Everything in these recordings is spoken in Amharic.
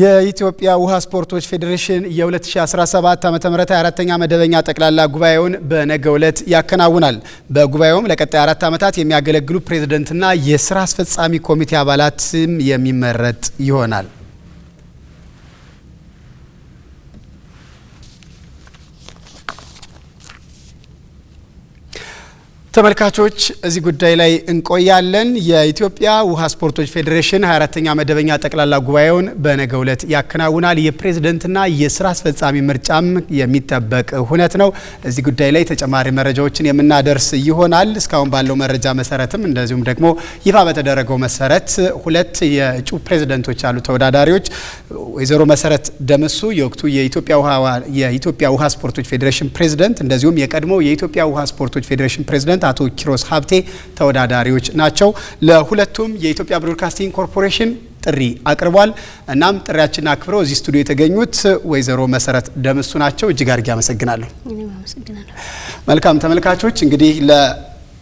የኢትዮጵያ ውሃ ስፖርቶች ፌዴሬሽን የ2017 ዓ ም 24ኛ መደበኛ ጠቅላላ ጉባኤውን በነገ ዕለት ያከናውናል። በጉባኤውም ለቀጣይ አራት ዓመታት የሚያገለግሉ ፕሬዝደንትና የስራ አስፈጻሚ ኮሚቴ አባላትም የሚመረጥ ይሆናል። ተመልካቾች እዚህ ጉዳይ ላይ እንቆያለን። የኢትዮጵያ ውሃ ስፖርቶች ፌዴሬሽን 24ተኛ መደበኛ ጠቅላላ ጉባኤውን በነገ ዕለት ያከናውናል። የፕሬዝደንትና የስራ አስፈጻሚ ምርጫም የሚጠበቅ ሁነት ነው። እዚህ ጉዳይ ላይ ተጨማሪ መረጃዎችን የምናደርስ ይሆናል። እስካሁን ባለው መረጃ መሰረትም እንደዚሁም ደግሞ ይፋ በተደረገው መሰረት ሁለት የእጩ ፕሬዝደንቶች ያሉ ተወዳዳሪዎች ወይዘሮ መሰረት ደምሱ የወቅቱ የኢትዮጵያ ውሃ ስፖርቶች ፌዴሬሽን ፕሬዝደንት እንደዚሁም የቀድሞ የኢትዮጵያ ውሃ ስፖርቶች ፌዴሬሽን ፕሬዝደንት ፕሬዚደንት አቶ ኪሮስ ሀብቴ ተወዳዳሪዎች ናቸው። ለሁለቱም የኢትዮጵያ ብሮድካስቲንግ ኮርፖሬሽን ጥሪ አቅርቧል። እናም ጥሪያችንን አክብረው እዚህ ስቱዲዮ የተገኙት ወይዘሮ መሰረት ደምሱ ናቸው። እጅግ አድርጌ አመሰግናለሁ። መልካም ተመልካቾች እንግዲህ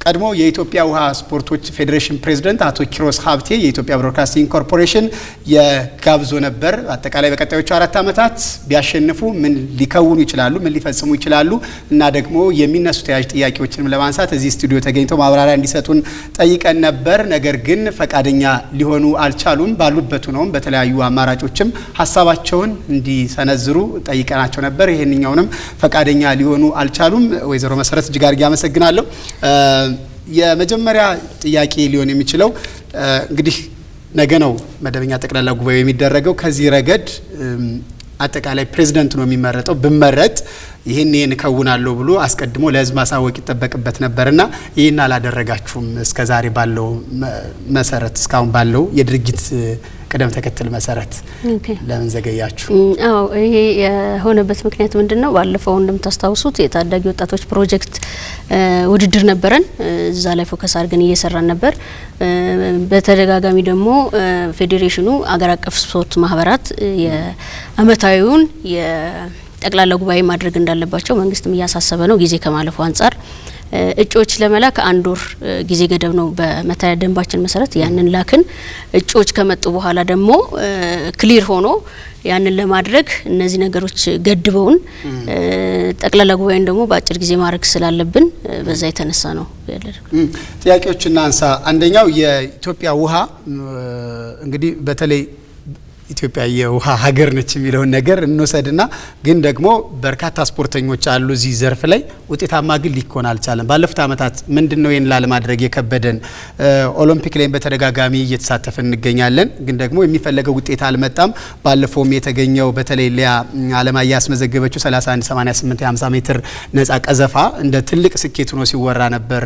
ቀድሞ የኢትዮጵያ ውሃ ስፖርቶች ፌዴሬሽን ፕሬዚደንት አቶ ኪሮስ ሀብቴ የኢትዮጵያ ብሮድካስቲንግ ኮርፖሬሽን የጋብዞ ነበር። አጠቃላይ በቀጣዮቹ አራት ዓመታት ቢያሸንፉ ምን ሊከውኑ ይችላሉ? ምን ሊፈጽሙ ይችላሉ? እና ደግሞ የሚነሱ ተያዥ ጥያቄዎችንም ለማንሳት እዚህ ስቱዲዮ ተገኝተው ማብራሪያ እንዲሰጡን ጠይቀን ነበር። ነገር ግን ፈቃደኛ ሊሆኑ አልቻሉም። ባሉበት ሆነውም በተለያዩ አማራጮችም ሀሳባቸውን እንዲሰነዝሩ ጠይቀናቸው ነበር። ይህንኛውንም ፈቃደኛ ሊሆኑ አልቻሉም። ወይዘሮ መሰረት እጅግ አድርጌ አመሰግናለሁ። የመጀመሪያ ጥያቄ ሊሆን የሚችለው እንግዲህ ነገ ነው መደበኛ ጠቅላላ ጉባኤው የሚደረገው። ከዚህ ረገድ አጠቃላይ ፕሬዚደንት ነው የሚመረጠው ብመረጥ ይህን ይህን እከውናለሁ ብሎ አስቀድሞ ለህዝብ ማሳወቅ ይጠበቅበት ነበርና ይህን አላደረጋችሁም። እስከዛሬ ባለው መሰረት እስካሁን ባለው የድርጊት ቅደም ተከተል መሰረት ለምን ዘገያችሁ? አዎ ይሄ የሆነበት ምክንያት ምንድን ነው? ባለፈው እንደምታስታውሱት የታዳጊ ወጣቶች ፕሮጀክት ውድድር ነበረን። እዛ ላይ ፎከስ አድርገን እየሰራን ነበር። በተደጋጋሚ ደግሞ ፌዴሬሽኑ አገር አቀፍ ስፖርት ማህበራት የአመታዊውን ጠቅላላ ጉባኤ ማድረግ እንዳለባቸው መንግስትም እያሳሰበ ነው። ጊዜ ከማለፉ አንጻር እጩዎች ለመላክ አንድ ወር ጊዜ ገደብ ነው በመተዳደሪያ ደንባችን መሰረት ያንን ላክን። እጩዎች ከመጡ በኋላ ደግሞ ክሊር ሆኖ ያንን ለማድረግ እነዚህ ነገሮች ገድበውን ጠቅላላ ጉባኤን ደግሞ በአጭር ጊዜ ማድረግ ስላለብን በዛ የተነሳ ነው ጥያቄዎችና አንሳ አንደኛው የኢትዮጵያ ውሃ እንግዲህ በተለይ ኢትዮጵያ የውሃ ሀገር ነች የሚለውን ነገር እንውሰድና ግን ደግሞ በርካታ ስፖርተኞች አሉ እዚህ ዘርፍ ላይ ውጤታማ ግን ሊኮን አልቻለም። ባለፉት ዓመታት ምንድን ነው ይህን ላለማድረግ የከበደን? ኦሎምፒክ ላይም በተደጋጋሚ እየተሳተፍ እንገኛለን፣ ግን ደግሞ የሚፈለገው ውጤት አልመጣም። ባለፈውም የተገኘው በተለይ ሊያ አለማያ ያስመዘገበችው 31 88 50 ሜትር ነጻ ቀዘፋ እንደ ትልቅ ስኬት ሆኖ ሲወራ ነበር።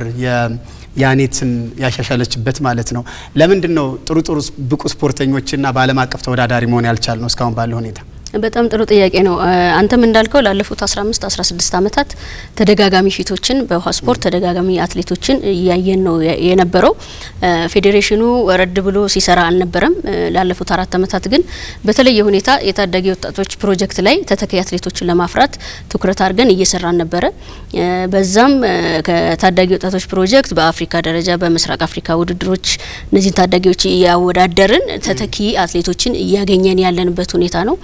ያኔትን ያሻሻለችበት ማለት ነው። ለምንድን ነው ጥሩ ጥሩ ብቁ ስፖርተኞችና በዓለም አቀፍ ተወዳዳሪ መሆን ያልቻል ነው እስካሁን ባለ ሁኔታ? በጣም ጥሩ ጥያቄ ነው። አንተም እንዳልከው ላለፉት 15 16 ዓመታት ተደጋጋሚ ፊቶችን በውሃ ስፖርት ተደጋጋሚ አትሌቶችን እያየን ነው የነበረው። ፌዴሬሽኑ ረድ ብሎ ሲሰራ አልነበረም። ላለፉት አራት ዓመታት ግን በተለየ ሁኔታ የታዳጊ ወጣቶች ፕሮጀክት ላይ ተተኪ አትሌቶችን ለማፍራት ትኩረት አድርገን እየሰራን ነበረ። በዛም ከታዳጊ ወጣቶች ፕሮጀክት በአፍሪካ ደረጃ በምስራቅ አፍሪካ ውድድሮች እነዚህን ታዳጊዎች እያወዳደርን ተተኪ አትሌቶችን እያገኘን ያለንበት ሁኔታ ነው።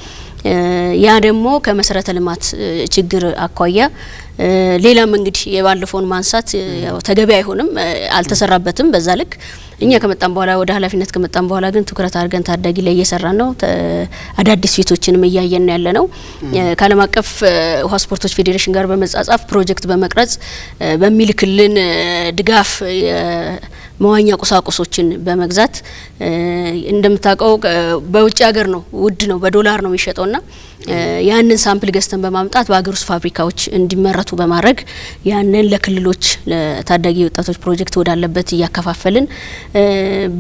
ያ ደግሞ ከመሰረተ ልማት ችግር አኳያ ሌላም እንግዲህ የባለፈውን ማንሳት ያው ተገቢ አይሆንም፣ አልተሰራበትም በዛ ልክ። እኛ ከመጣን በኋላ ወደ ኃላፊነት ከመጣን በኋላ ግን ትኩረት አድርገን ታዳጊ ላይ እየሰራን ነው። አዳዲስ ፊቶችንም እያየን ያለ ነው። ከዓለም አቀፍ ውሃ ስፖርቶች ፌዴሬሽን ጋር በመጻጻፍ ፕሮጀክት በመቅረጽ በሚልክልን ድጋፍ መዋኛ ቁሳቁሶችን በመግዛት እንደምታውቀው በውጭ ሀገር ነው ውድ ነው፣ በዶላር ነው የሚሸጠው የሚሸጠውና ያንን ሳምፕል ገዝተን በማምጣት በሀገር ውስጥ ፋብሪካዎች እንዲመረቱ በማድረግ ያንን ለክልሎች ለታዳጊ ወጣቶች ፕሮጀክት ወዳለበት እያከፋፈልን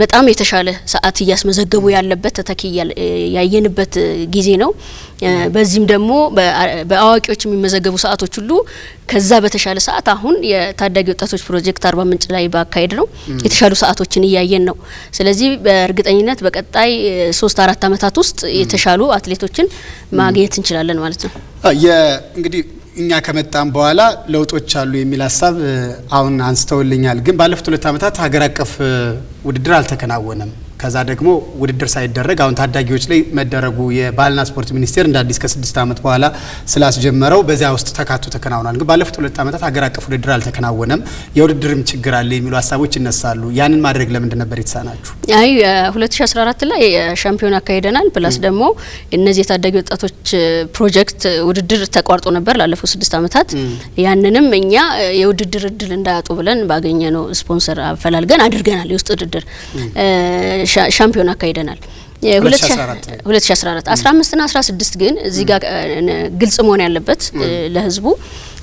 በጣም የተሻለ ሰዓት እያስመዘገቡ ያለበት ተተኪ ያየንበት ጊዜ ነው። በዚህም ደግሞ በአዋቂዎች የሚመዘገቡ ሰዓቶች ሁሉ ከዛ በተሻለ ሰዓት አሁን የታዳጊ ወጣቶች ፕሮጀክት አርባ ምንጭ ላይ ባካሄድ ነው የተሻሉ ሰዓቶችን እያየን ነው። ስለዚህ በእርግጠኝነት በቀጣይ ሶስት አራት አመታት ውስጥ የተሻሉ አትሌቶችን ማግኘት እንችላለን ማለት ነው። እንግዲህ እኛ ከመጣም በኋላ ለውጦች አሉ የሚል ሀሳብ አሁን አንስተውልኛል። ግን ባለፉት ሁለት ዓመታት ሀገር አቀፍ ውድድር አልተከናወነም። ከዛ ደግሞ ውድድር ሳይደረግ አሁን ታዳጊዎች ላይ መደረጉ የባህልና ስፖርት ሚኒስቴር እንደ አዲስ ከስድስት ዓመት በኋላ ስላስጀመረው በዚያ ውስጥ ተካቶ ተከናውኗል። ግን ባለፉት ሁለት ዓመታት ሀገር አቀፍ ውድድር አልተከናወነም፣ የውድድርም ችግር አለ የሚሉ ሀሳቦች ይነሳሉ። ያንን ማድረግ ለምንድን ነበር የተሳናችሁ? አይ 2014 ላይ ሻምፒዮን አካሄደናል። ፕላስ ደግሞ እነዚህ የታዳጊ ወጣቶች ፕሮጀክት ውድድር ተቋርጦ ነበር ላለፉት ስድስት ዓመታት። ያንንም እኛ የውድድር እድል እንዳያጡ ብለን ባገኘ ነው ስፖንሰር አፈላልገን አድርገናል የውስጥ ውድድር ሻምፒዮን አካሂደናል። 2014 15ና 16 ግን እዚህ ጋር ግልጽ መሆን ያለበት ለህዝቡ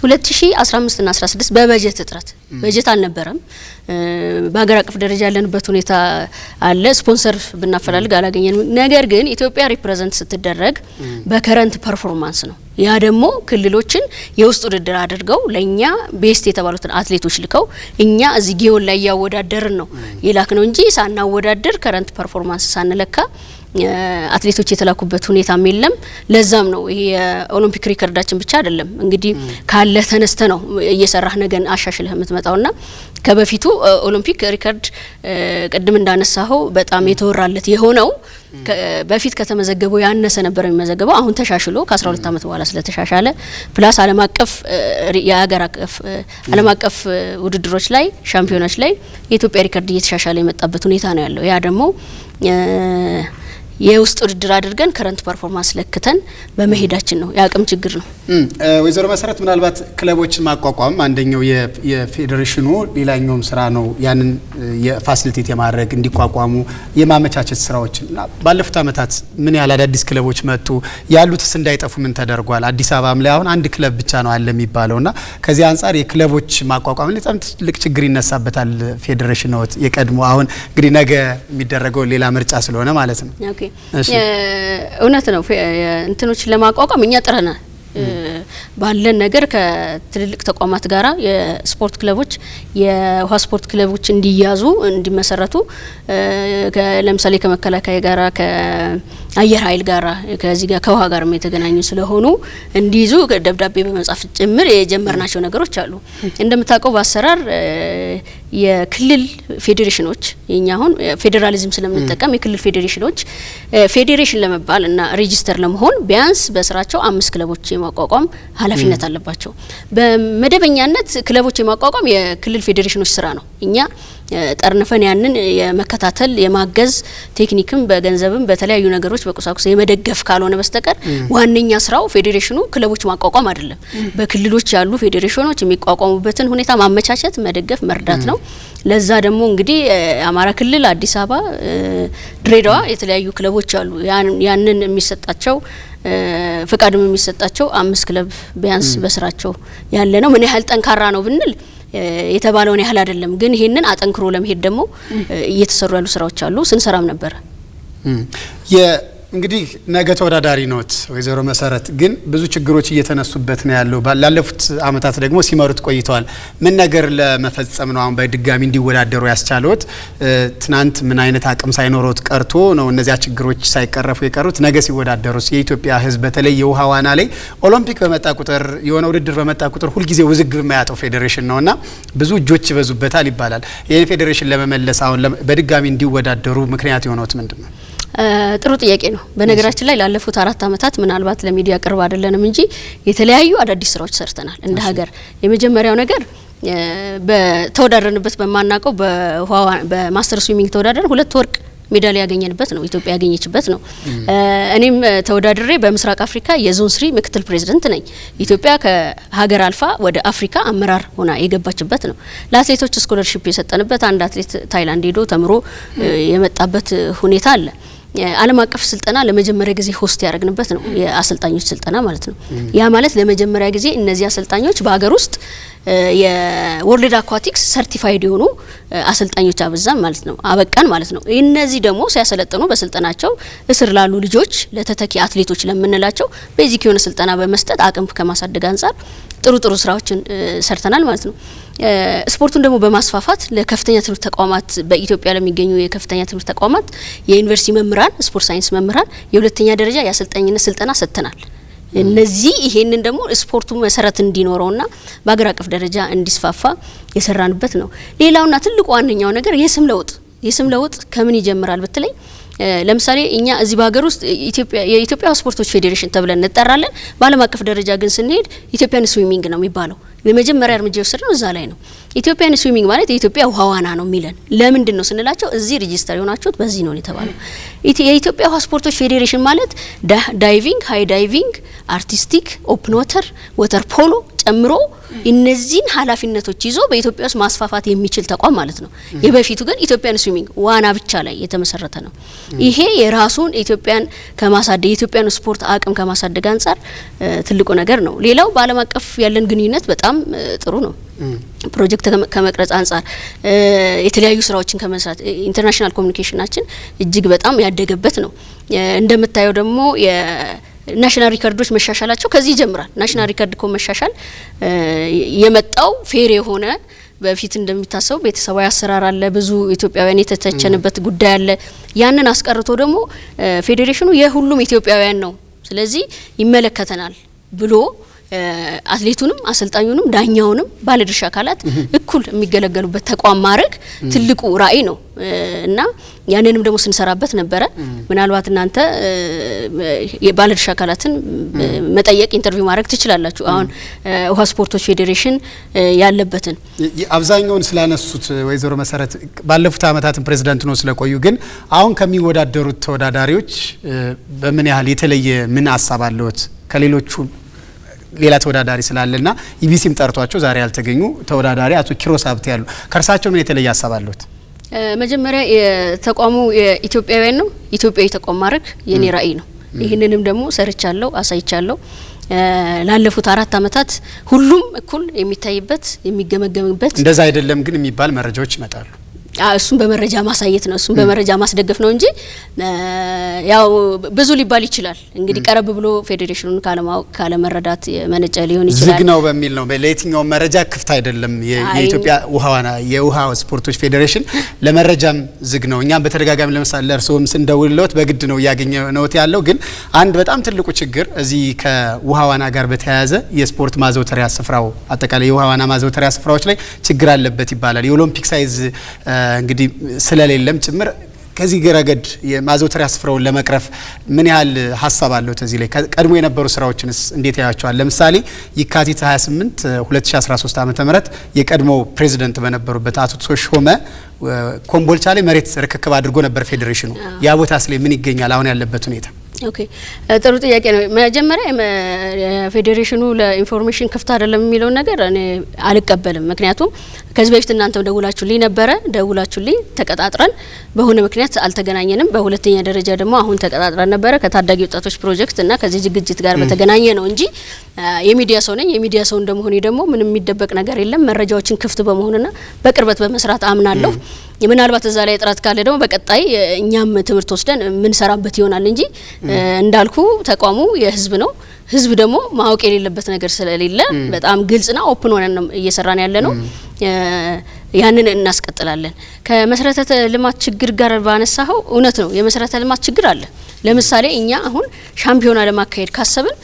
2015 እና 16 በበጀት እጥረት በጀት አልነበረም። በሀገር አቀፍ ደረጃ ያለንበት ሁኔታ አለ። ስፖንሰር ብናፈላልግ አላገኘንም። ነገር ግን ኢትዮጵያ ሪፕሬዘንት ስትደረግ በከረንት ፐርፎርማንስ ነው። ያ ደግሞ ክልሎችን የውስጥ ውድድር አድርገው ለእኛ ቤስት የተባሉትን አትሌቶች ልከው እኛ እዚህ ጊዮን ላይ እያወዳደርን ነው የላክ ነው እንጂ ሳናወዳደር ከረንት ፐርፎርማንስ ሳንለካ አትሌቶች የተላኩበት ሁኔታም የለም። ለዛም ነው ይሄ የኦሎምፒክ ሪከርዳችን ብቻ አይደለም እንግዲህ ካለ ተነስተ ነው እየሰራህ ነገን አሻሽለህ ና ከበፊቱ ኦሎምፒክ ሪከርድ ቅድም እንዳነሳኸው በጣም የተወራለት የሆነው በፊት ከተመዘገበው ያነሰ ነበር የሚመዘገበው። አሁን ተሻሽሎ ከ12 ዓመት በኋላ ስለተሻሻለ ፕላስ ዓለም አቀፍ የሀገር አቀፍ ዓለም አቀፍ ውድድሮች ላይ ሻምፒዮኖች ላይ የኢትዮጵያ ሪከርድ እየተሻሻለ የመጣበት ሁኔታ ነው ያለው ያ ደግሞ የውስጥ ውድድር አድርገን ከረንት ፐርፎርማንስ ለክተን በመሄዳችን ነው። የአቅም ችግር ነው። ወይዘሮ መሰረት ምናልባት ክለቦችን ማቋቋም አንደኛው የፌዴሬሽኑ ሌላኛውም ስራ ነው። ያንን የፋሲሊቴት የማድረግ እንዲቋቋሙ የማመቻቸት ስራዎችን ባለፉት አመታት ምን ያህል አዳዲስ ክለቦች መጡ? ያሉትስ እንዳይጠፉ ምን ተደርጓል? አዲስ አበባም ላይ አሁን አንድ ክለብ ብቻ ነው አለ የሚባለው እና ከዚህ አንጻር የክለቦች ማቋቋም በጣም ትልቅ ችግር ይነሳበታል። ፌዴሬሽኖት የቀድሞ አሁን እንግዲህ ነገ የሚደረገው ሌላ ምርጫ ስለሆነ ማለት ነው እውነት ነው። እንትኖችን ለማቋቋም እኛ ጥረናል። ባለን ነገር ከትልልቅ ተቋማት ጋራ የስፖርት ክለቦች የውሃ ስፖርት ክለቦች እንዲያዙ እንዲመሰረቱ ለምሳሌ ከመከላከያ ጋራ አየር ኃይል ጋር ከዚህ ጋር ከውሃ ጋር የተገናኙ ስለሆኑ እንዲይዙ ደብዳቤ በመጻፍ ጭምር የጀመርናቸው ነገሮች አሉ። እንደምታውቀው በአሰራር የክልል ፌዴሬሽኖች የኛ አሁን ፌዴራሊዝም ስለምንጠቀም የክልል ፌዴሬሽኖች ፌዴሬሽን ለመባል እና ሬጂስተር ለመሆን ቢያንስ በስራቸው አምስት ክለቦች የማቋቋም ኃላፊነት አለባቸው። በመደበኛነት ክለቦች የማቋቋም የክልል ፌዴሬሽኖች ስራ ነው። እኛ ጠርንፈን ያንን የመከታተል የማገዝ ቴክኒክም በገንዘብም በተለያዩ ነገሮች በቁሳቁስ የመደገፍ ካልሆነ በስተቀር ዋነኛ ስራው ፌዴሬሽኑ ክለቦች ማቋቋም አይደለም። በክልሎች ያሉ ፌዴሬሽኖች የሚቋቋሙበትን ሁኔታ ማመቻቸት፣ መደገፍ፣ መርዳት ነው። ለዛ ደግሞ እንግዲህ አማራ ክልል፣ አዲስ አበባ፣ ድሬዳዋ የተለያዩ ክለቦች አሉ። ያንን የሚሰጣቸው ፍቃድም የሚሰጣቸው አምስት ክለብ ቢያንስ በስራቸው ያለ ነው። ምን ያህል ጠንካራ ነው ብንል የተባለውን ያህል አይደለም። ግን ይሄንን አጠንክሮ ለመሄድ ደግሞ እየተሰሩ ያሉ ስራዎች አሉ። ስንሰራም ነበረ እንግዲህ ነገ ተወዳዳሪ ኖት ወይዘሮ መሰረት ግን ብዙ ችግሮች እየተነሱበት ነው ያለው። ላለፉት አመታት ደግሞ ሲመሩት ቆይተዋል። ምን ነገር ለመፈጸም ነው አሁን በድጋሚ እንዲወዳደሩ ያስቻለዎት? ትናንት ምን አይነት አቅም ሳይኖሮት ቀርቶ ነው እነዚያ ችግሮች ሳይቀረፉ የቀሩት? ነገ ሲወዳደሩስ የኢትዮጵያ ሕዝብ በተለይ የውሃ ዋና ላይ ኦሎምፒክ በመጣ ቁጥር የሆነ ውድድር በመጣ ቁጥር ሁልጊዜ ውዝግብ የማያጠው ፌዴሬሽን እና ብዙ እጆች ይበዙበታል ይባላል። ይህን ፌዴሬሽን ለመመለስ አሁን በድጋሚ እንዲወዳደሩ ምክንያት የሆነዎት ምንድን ነው? ጥሩ ጥያቄ ነው። በነገራችን ላይ ላለፉት አራት አመታት ምናልባት ለሚዲያ ቅርብ አይደለንም እንጂ የተለያዩ አዳዲስ ስራዎች ሰርተናል እንደ ሀገር። የመጀመሪያው ነገር በተወዳደርንበት በማናውቀው በማስተር ስዊሚንግ ተወዳደርን ሁለት ወርቅ ሜዳሊያ ያገኘንበት ነው። ኢትዮጵያ ያገኘችበት ነው። እኔም ተወዳድሬ በምስራቅ አፍሪካ የዞን ስሪ ምክትል ፕሬዚደንት ነኝ። ኢትዮጵያ ከሀገር አልፋ ወደ አፍሪካ አመራር ሆና የገባችበት ነው። ለአትሌቶች ስኮለርሺፕ የሰጠንበት አንድ አትሌት ታይላንድ ሄዶ ተምሮ የመጣበት ሁኔታ አለ። ዓለም አቀፍ ስልጠና ለመጀመሪያ ጊዜ ሆስት ያደረግንበት ነው፣ የአሰልጣኞች ስልጠና ማለት ነው። ያ ማለት ለመጀመሪያ ጊዜ እነዚህ አሰልጣኞች በሀገር ውስጥ የወርልድ አኳቲክስ ሰርቲፋይድ የሆኑ አሰልጣኞች አበዛን ማለት ነው፣ አበቃን ማለት ነው። እነዚህ ደግሞ ሲያሰለጥኑ በስልጠናቸው እስር ላሉ ልጆች፣ ለተተኪ አትሌቶች ለምንላቸው ቤዚክ የሆነ ስልጠና በመስጠት አቅም ከማሳደግ አንጻር ጥሩ ጥሩ ስራዎችን ሰርተናል ማለት ነው። ስፖርቱን ደግሞ በማስፋፋት ለከፍተኛ ትምህርት ተቋማት በኢትዮጵያ ለሚገኙ የከፍተኛ ትምህርት ተቋማት የዩኒቨርሲቲ መምህራን፣ ስፖርት ሳይንስ መምህራን የሁለተኛ ደረጃ የአሰልጣኝነት ስልጠና ሰጥተናል። እነዚህ ይሄንን ደግሞ ስፖርቱ መሰረት እንዲኖረውና በአገር አቀፍ ደረጃ እንዲስፋፋ የሰራንበት ነው። ሌላውና ትልቁ ዋነኛው ነገር የስም ለውጥ የስም ለውጥ ከምን ይጀምራል ብትለኝ ለምሳሌ እኛ እዚህ በሀገር ውስጥ የኢትዮጵያ ስፖርቶች ፌዴሬሽን ተብለን እንጠራለን። በዓለም አቀፍ ደረጃ ግን ስንሄድ ኢትዮጵያን ስዊሚንግ ነው የሚባለው። የመጀመሪያ እርምጃ የወሰድነው እዛ ላይ ነው። ኢትዮጵያን ስዊሚንግ ማለት የኢትዮጵያ ውሃ ዋና ነው የሚለን ለምንድን ነው ስንላቸው እዚህ ሬጂስተር የሆናችሁት በዚህ ነው የተባለው። የኢትዮጵያ ውሃ ስፖርቶች ፌዴሬሽን ማለት ዳይቪንግ፣ ሃይ ዳይቪንግ፣ አርቲስቲክ፣ ኦፕን ወተር፣ ወተር ፖሎ ጨምሮ እነዚህን ኃላፊነቶች ይዞ በኢትዮጵያ ውስጥ ማስፋፋት የሚችል ተቋም ማለት ነው። የበፊቱ ግን ኢትዮጵያን ስዊሚንግ ዋና ብቻ ላይ የተመሰረተ ነው። ይሄ የራሱን ኢትዮጵያን ከማሳደግ የኢትዮጵያን ስፖርት አቅም ከማሳደግ አንጻር ትልቁ ነገር ነው። ሌላው በዓለም አቀፍ ያለን ግንኙነት በጣም ጥሩ ነው። ፕሮጀክት ከመቅረጽ አንጻር የተለያዩ ስራዎችን ከመስራት ኢንተርናሽናል ኮሚኒኬሽናችን እጅግ በጣም ያደገበት ነው። እንደምታየው ደግሞ ናሽናል ሪከርዶች መሻሻላቸው ከዚህ ይጀምራል። ናሽናል ሪከርድ ኮ መሻሻል የመጣው ፌር የሆነ በፊት እንደሚታሰቡ ቤተሰባዊ አሰራር አለ፣ ብዙ ኢትዮጵያውያን የተተቸንበት ጉዳይ አለ። ያንን አስቀርቶ ደግሞ ፌዴሬሽኑ የሁሉም ኢትዮጵያውያን ነው፣ ስለዚህ ይመለከተናል ብሎ አትሌቱንም አሰልጣኙንም ዳኛውንም ባለድርሻ አካላት እኩል የሚገለገሉበት ተቋም ማድረግ ትልቁ ራዕይ ነው እና ያንንም ደግሞ ስንሰራበት ነበረ። ምናልባት እናንተ የባለድርሻ አካላትን መጠየቅ ኢንተርቪው ማድረግ ትችላላችሁ። አሁን ውሃ ስፖርቶች ፌዴሬሽን ያለበትን አብዛኛውን ስላነሱት ወይዘሮ መሰረት ባለፉት አመታትን ፕሬዚዳንት ነው ስለቆዩ፣ ግን አሁን ከሚወዳደሩት ተወዳዳሪዎች በምን ያህል የተለየ ምን ሀሳብ አለዎት ከሌሎቹ ሌላ ተወዳዳሪ ስላለና ኢቢሲም ጠርቷቸው ዛሬ ያልተገኙ ተወዳዳሪ አቶ ኪሮስ ሀብቴ ያሉ ከእርሳቸው ምን የተለየ ሀሳብ አለሁት? መጀመሪያ የተቋሙ ኢትዮጵያውያን ነው፣ ኢትዮጵያዊ ተቋም ማድረግ የኔ ራዕይ ነው። ይህንንም ደግሞ ሰርቻለሁ፣ አሳይቻለሁ። ላለፉት አራት አመታት ሁሉም እኩል የሚታይበት የሚገመገምበት እንደዛ አይደለም ግን የሚባል መረጃዎች ይመጣሉ። እሱን በመረጃ ማሳየት ነው። እሱን በመረጃ ማስደገፍ ነው እንጂ ያው ብዙ ሊባል ይችላል። እንግዲህ ቀረብ ብሎ ፌዴሬሽኑን ካለማወቅ ካለመረዳት መነጨ ሊሆን ይችላል። ዝግ ነው በሚል ነው ለየትኛውም መረጃ ክፍት አይደለም። የኢትዮጵያ የውሃ ስፖርቶች ፌዴሬሽን ለመረጃም ዝግ ነው። እኛም በተደጋጋሚ ለምሳሌ ለእርስዎም ስንደውልለት በግድ ነው እያገኘ ነውት ያለው። ግን አንድ በጣም ትልቁ ችግር እዚህ ከውሃ ዋና ጋር በተያያዘ የስፖርት ማዘውተሪያ ስፍራው አጠቃላይ የውሃ ዋና ማዘውተሪያ ስፍራዎች ላይ ችግር አለበት ይባላል። የኦሎምፒክ ሳይዝ እንግዲህ ስለሌለም ጭምር ከዚህ ረገድ የማዘውተሪያ ስፍራውን ለመቅረፍ ምን ያህል ሀሳብ አለው? እዚህ ላይ ቀድሞ የነበሩ ስራዎችንስ እንዴት ያያቸዋል? ለምሳሌ የካቲት 28 2013 ዓ ም የቀድሞ ፕሬዚደንት በነበሩበት አቶ ተሾመ ኮምቦልቻ ላይ መሬት ርክክብ አድርጎ ነበር ፌዴሬሽኑ። ያ ቦታ ስለ ምን ይገኛል? አሁን ያለበት ሁኔታ ኦኬ ጥሩ ጥያቄ ነው። መጀመሪያ ፌዴሬሽኑ ለኢንፎርሜሽን ክፍት አይደለም የሚለውን ነገር እኔ አልቀበልም። ምክንያቱም ከዚህ በፊት እናንተም ደውላችሁልኝ ነበረ፣ ደውላችሁልኝ ተቀጣጥረን በሆነ ምክንያት አልተገናኘንም። በሁለተኛ ደረጃ ደግሞ አሁን ተቀጣጥረን ነበረ ከታዳጊ ወጣቶች ፕሮጀክት እና ከዚህ ዝግጅት ጋር በተገናኘ ነው እንጂ የሚዲያ ሰው ነኝ። የሚዲያ ሰው እንደመሆኔ ደግሞ ምንም የሚደበቅ ነገር የለም። መረጃዎችን ክፍት በመሆንና በቅርበት በመስራት አምናለሁ። ምናልባት እዛ ላይ ጥራት ካለ ደግሞ በቀጣይ እኛም ትምህርት ወስደን የምንሰራበት ይሆናል እንጂ እንዳልኩ ተቋሙ የህዝብ ነው። ህዝብ ደግሞ ማወቅ የሌለበት ነገር ስለሌለ በጣም ግልጽና ኦፕን ሆነን እየሰራን ያለ ነው። ያንን እናስቀጥላለን። ከመሰረተ ልማት ችግር ጋር ባነሳኸው እውነት ነው፣ የመሰረተ ልማት ችግር አለ። ለምሳሌ እኛ አሁን ሻምፒዮና ለማካሄድ ካሰብን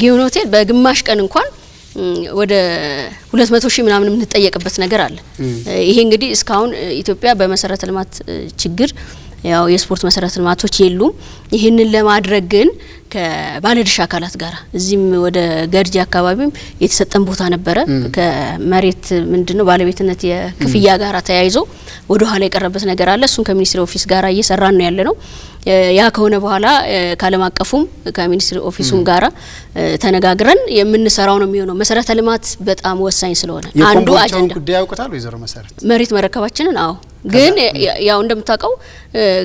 ጊዮን ሆቴል በግማሽ ቀን እንኳን ወደ 200 መቶ ሺህ ምናምን የምንጠየቅበት ነገር አለ። ይሄ እንግዲህ እስካሁን ኢትዮጵያ በመሰረተ ልማት ችግር ያው የስፖርት መሰረተ ልማቶች የሉም። ይህንን ለማድረግ ግን ከባለድርሻ አካላት ጋር እዚህም ወደ ገርጂ አካባቢም የተሰጠን ቦታ ነበረ። ከመሬት ምንድነው ባለቤትነት የክፍያ ጋር ተያይዞ ወደ ኋላ የቀረበት ነገር አለ። እሱን ከሚኒስትሪ ኦፊስ ጋር እየሰራን ነው ያለ ነው። ያ ከሆነ በኋላ ከዓለም አቀፉም ከሚኒስትሪ ኦፊሱም ጋራ ተነጋግረን የምንሰራው ነው የሚሆነው። መሰረተ ልማት በጣም ወሳኝ ስለሆነ አንዱ አጀንዳ ጉዳይ ያውቁታል። ወይዘሮ መሰረት መሬት መረከባችንን አዎ ግን ያው እንደምታውቀው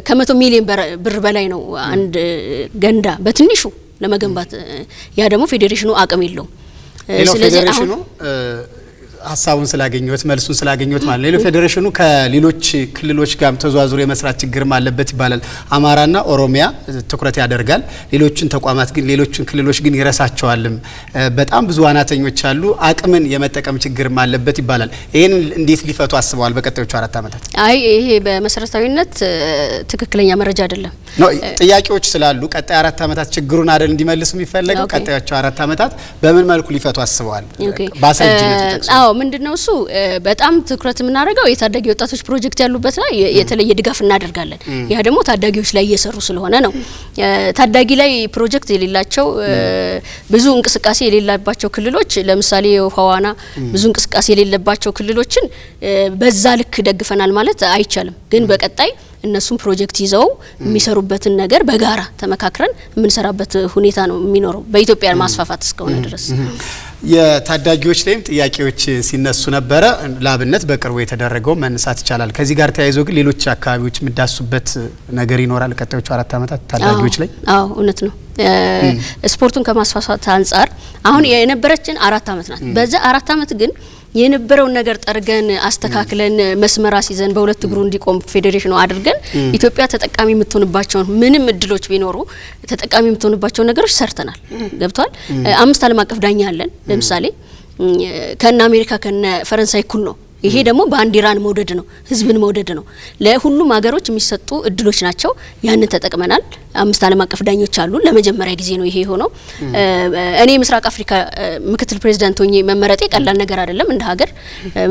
ከመቶ ሚሊዮን ብር በላይ ነው አንድ ገንዳ በትንሹ ለመገንባት ያ ደግሞ ፌዴሬሽኑ አቅም የለውም። ስለዚህ አሁን ሀሳቡን ስላገኘት መልሱን ስላገኘት ማለት ነው። ሌሎ ፌዴሬሽኑ ከሌሎች ክልሎች ጋር ተዘዋዝሮ የመስራት ችግርም አለበት ይባላል። አማራና ኦሮሚያ ትኩረት ያደርጋል። ሌሎችን ተቋማት ግን ሌሎችን ክልሎች ግን ይረሳቸዋልም። በጣም ብዙ ዋናተኞች አሉ። አቅምን የመጠቀም ችግርም አለበት ይባላል። ይህን እንዴት ሊፈቱ አስበዋል? በቀጣዮቹ አራት ዓመታት አይ ይሄ በመሰረታዊነት ትክክለኛ መረጃ አይደለም። ጥያቄዎች ስላሉ ቀጣይ አራት ዓመታት ችግሩን አደል እንዲመልሱ የሚፈለገው ቀጣዮቹ አራት ዓመታት በምን መልኩ ሊፈቱ አስበዋል? ምንድነው እሱ በጣም ትኩረት የምናደርገው የታዳጊ ወጣቶች ፕሮጀክት ያሉበት ላይ የተለየ ድጋፍ እናደርጋለን። ያ ደግሞ ታዳጊዎች ላይ እየሰሩ ስለሆነ ነው። ታዳጊ ላይ ፕሮጀክት የሌላቸው ብዙ እንቅስቃሴ የሌለባቸው ክልሎች ለምሳሌ የውሃ ዋና ብዙ እንቅስቃሴ የሌለባቸው ክልሎችን በዛ ልክ ደግፈናል ማለት አይቻልም። ግን በቀጣይ እነሱም ፕሮጀክት ይዘው የሚሰሩበትን ነገር በጋራ ተመካክረን የምንሰራበት ሁኔታ ነው የሚኖረው በኢትዮጵያ ማስፋፋት እስከሆነ ድረስ። የታዳጊዎች ላይም ጥያቄዎች ሲነሱ ነበረ። ለአብነት በቅርቡ የተደረገው መነሳት ይቻላል። ከዚህ ጋር ተያይዞ ግን ሌሎች አካባቢዎች የምዳሱበት ነገር ይኖራል ቀጣዮቹ አራት ዓመታት ታዳጊዎች ላይ። አዎ እውነት ነው። ስፖርቱን ከማስፋፋት አንጻር አሁን የነበረችን አራት ዓመት ናት። በዛ አራት ዓመት ግን የነበረውን ነገር ጠርገን አስተካክለን መስመር አስይዘን በሁለት እግሩ እንዲቆም ፌዴሬሽኑ አድርገን ኢትዮጵያ ተጠቃሚ የምትሆንባቸውን ምንም እድሎች ቢኖሩ ተጠቃሚ የምትሆንባቸውን ነገሮች ሰርተናል። ገብቷል። አምስት ዓለም አቀፍ ዳኛ አለን። ለምሳሌ ከነ አሜሪካ ከነ ፈረንሳይ እኩል ነው። ይሄ ደግሞ ባንዲራን መውደድ ነው፣ ህዝብን መውደድ ነው። ለሁሉም ሀገሮች የሚሰጡ እድሎች ናቸው። ያንን ተጠቅመናል። አምስት ዓለም አቀፍ ዳኞች አሉ። ለመጀመሪያ ጊዜ ነው ይሄ የሆነው። እኔ ምስራቅ አፍሪካ ምክትል ፕሬዚዳንት ሆኜ መመረጤ ቀላል ነገር አይደለም። እንደ ሀገር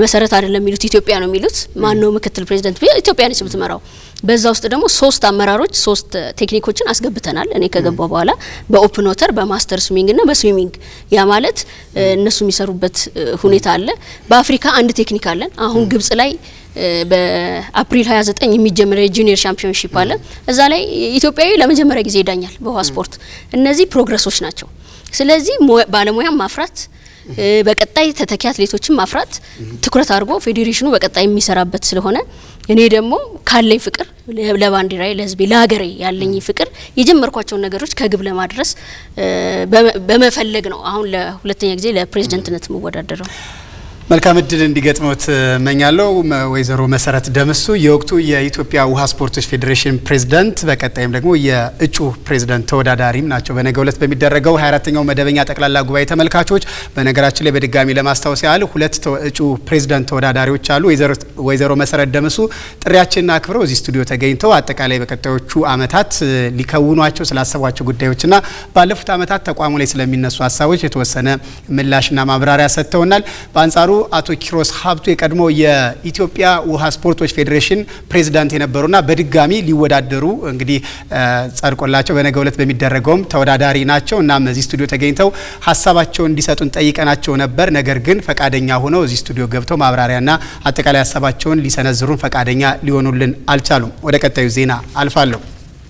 መሰረት አይደለም የሚሉት ኢትዮጵያ ነው የሚሉት። ማን ነው ምክትል ፕሬዚዳንት? ኢትዮጵያ ነች የምትመራው። በዛ ውስጥ ደግሞ ሶስት አመራሮች ሶስት ቴክኒኮችን አስገብተናል። እኔ ከገባ በኋላ በኦፕን ወተር፣ በማስተር ስዊሚንግ ና በስዊሚንግ ያ ማለት እነሱ የሚሰሩበት ሁኔታ አለ። በአፍሪካ አንድ ቴክኒክ አለን። አሁን ግብጽ ላይ በአፕሪል 29 የሚጀመረው የጁኒየር ሻምፒዮንሺፕ አለ። እዛ ላይ ኢትዮጵያዊ ለመጀመሪያ ጊዜ ይዳኛል በውሃ ስፖርት። እነዚህ ፕሮግረሶች ናቸው። ስለዚህ ባለሙያም ማፍራት በቀጣይ ተተኪ አትሌቶችን ማፍራት ትኩረት አድርጎ ፌዴሬሽኑ በቀጣይ የሚሰራበት ስለሆነ እኔ ደግሞ ካለኝ ፍቅር ለባንዲራዬ፣ ለሕዝቤ፣ ለሀገሬ ያለኝ ፍቅር የጀመርኳቸውን ነገሮች ከግብ ለማድረስ በመፈለግ ነው አሁን ለሁለተኛ ጊዜ ለፕሬዝደንትነት የምወዳደረው። መልካም እድል እንዲገጥሞት እመኛለሁ። ወይዘሮ መሰረት ደምሱ የወቅቱ የኢትዮጵያ ውሃ ስፖርቶች ፌዴሬሽን ፕሬዝደንት በቀጣይም ደግሞ የእጩ ፕሬዝደንት ተወዳዳሪም ናቸው። በነገ ዕለት በሚደረገው 24ኛው መደበኛ ጠቅላላ ጉባኤ ተመልካቾች፣ በነገራችን ላይ በድጋሚ ለማስታወስ ያህል ሁለት እጩ ፕሬዝዳንት ተወዳዳሪዎች አሉ። ወይዘሮ መሰረት ደምሱ ጥሪያችንን አክብረው እዚህ ስቱዲዮ ተገኝተው አጠቃላይ በቀጣዮቹ አመታት ሊከውኗቸው ስላሰቧቸው ጉዳዮችና ባለፉት ዓመታት ተቋሙ ላይ ስለሚነሱ ሀሳቦች የተወሰነ ምላሽና ማብራሪያ ሰጥተውናል። በአንጻሩ አቶ ኪሮስ ሀብቱ የቀድሞ የኢትዮጵያ ውሃ ስፖርቶች ፌዴሬሽን ፕሬዚዳንት የነበሩና በድጋሚ ሊወዳደሩ እንግዲህ ጸድቆላቸው በነገ ዕለት በሚደረገውም ተወዳዳሪ ናቸው። እናም እዚህ ስቱዲዮ ተገኝተው ሀሳባቸውን እንዲሰጡን ጠይቀናቸው ነበር። ነገር ግን ፈቃደኛ ሆነው እዚህ ስቱዲዮ ገብተው ማብራሪያና አጠቃላይ ሀሳባቸውን ሊሰነዝሩን ፈቃደኛ ሊሆኑልን አልቻሉም። ወደ ቀጣዩ ዜና አልፋለሁ።